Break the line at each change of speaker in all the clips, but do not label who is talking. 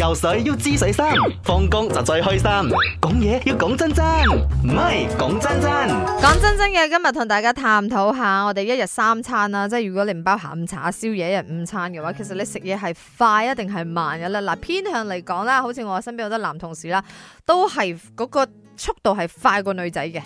游水要知水深，放工就最開心。講嘢要講真真，唔係講真真。講真真嘅，今日同大家探討下我哋一日三餐啦，即係如果你唔包下午茶、宵夜、日午餐嘅話，其實你食嘢係快一定係慢嘅啦。嗱，偏向嚟講啦，好似我身邊好多男同事啦，都係嗰個速度係快過女仔嘅。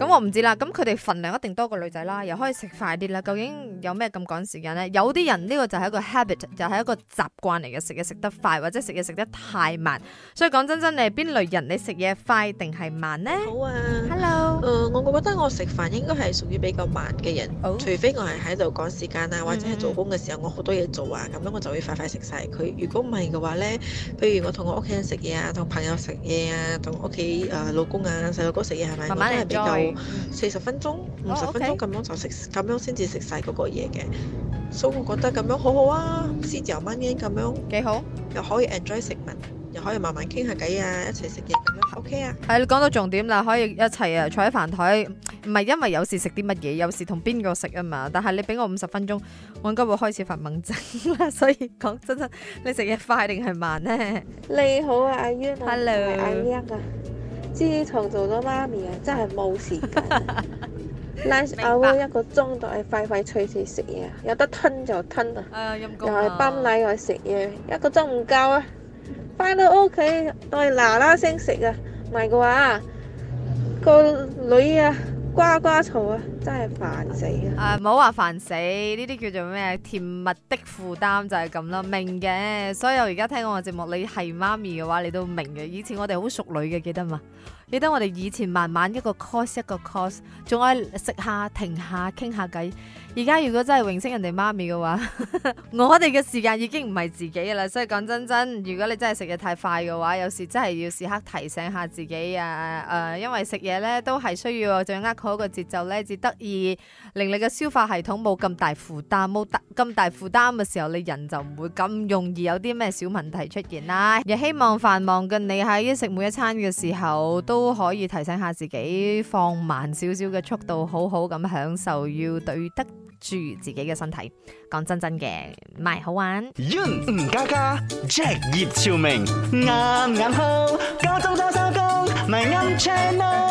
咁我唔知啦，咁佢哋份量一定多過女仔啦，又可以食快啲啦。究竟？有咩咁趕時間呢？有啲人呢、呢個就係一個 habit，就係一個習慣嚟嘅，食嘢食得快或者食嘢食得太慢。所以講真真，你係邊類人？你食嘢快定係慢呢？好啊，Hello、呃。我我覺得我食飯應該係屬於比較慢嘅人，oh? 除非我係喺
度趕時間啊，或者係做工嘅時候我好多嘢做啊，咁樣我就會快快食晒佢。如果唔係嘅話呢，譬如我同我屋企人食嘢啊，同朋友食嘢啊，同屋企老公啊、細路哥食嘢係咪？慢慢嚟再，四十分鐘、五十、嗯、分鐘咁樣就食，咁樣先至食晒嗰個。嘢嘅，所以我覺得咁樣好好啊，師姐又蚊嘅咁樣幾好，又可以 enjoy 食物，又可以慢慢傾下偈啊，一齊食嘢咁啊 OK
啊，係你講到重點啦，可以一齊啊坐喺飯台，唔係因為有時食啲乜嘢，有時同邊個食啊嘛，但係你俾我五十分鐘，我應該會開始發猛症啦， 所以講真真，你食嘢快定係慢呢？你好
啊，阿 Yuen 係阿 Young 啊，自 Hello.、啊、從做咗媽咪啊，真係冇時間。 拉 out Nice, 白一個鐘都係快快脆脆食嘢，有得吞就吞啊！
哎、又係泵
奶又係食嘢，一個鐘唔夠啊！返到屋企都係嗱嗱聲食啊，唔係嘅話個女啊瓜瓜嘈啊！呱呱真
係煩死啊！誒，唔好話煩死，呢啲叫做咩？甜蜜的負擔就係咁咯，明嘅。所以我而家聽我嘅節目，你係媽咪嘅話，你都明嘅。以前我哋好淑女嘅，記得嘛？記得我哋以前慢慢一個 course 一個 course，仲可以食下停下傾下偈。而家如果真係榮升人哋媽咪嘅話， 我哋嘅時間已經唔係自己啦。所以講真真，如果你真係食嘢太快嘅話，有時真係要時刻提醒下自己啊誒、呃，因為食嘢呢，都係需要掌握好一個節奏呢。至得。而令你嘅消化系統冇咁大負擔，冇咁大負擔嘅時候，你人就唔會咁容易有啲咩小問題出現啦。亦希望繁忙嘅你喺食每一餐嘅時候，都可以提醒下自己放慢少少嘅速度，好好咁享受，要對得住自己嘅身體。講真真嘅，咪好玩。Yun 吳、嗯嗯、家家 Jack 葉朝明啱啱、嗯嗯嗯、好家中多收工咪啱車咯。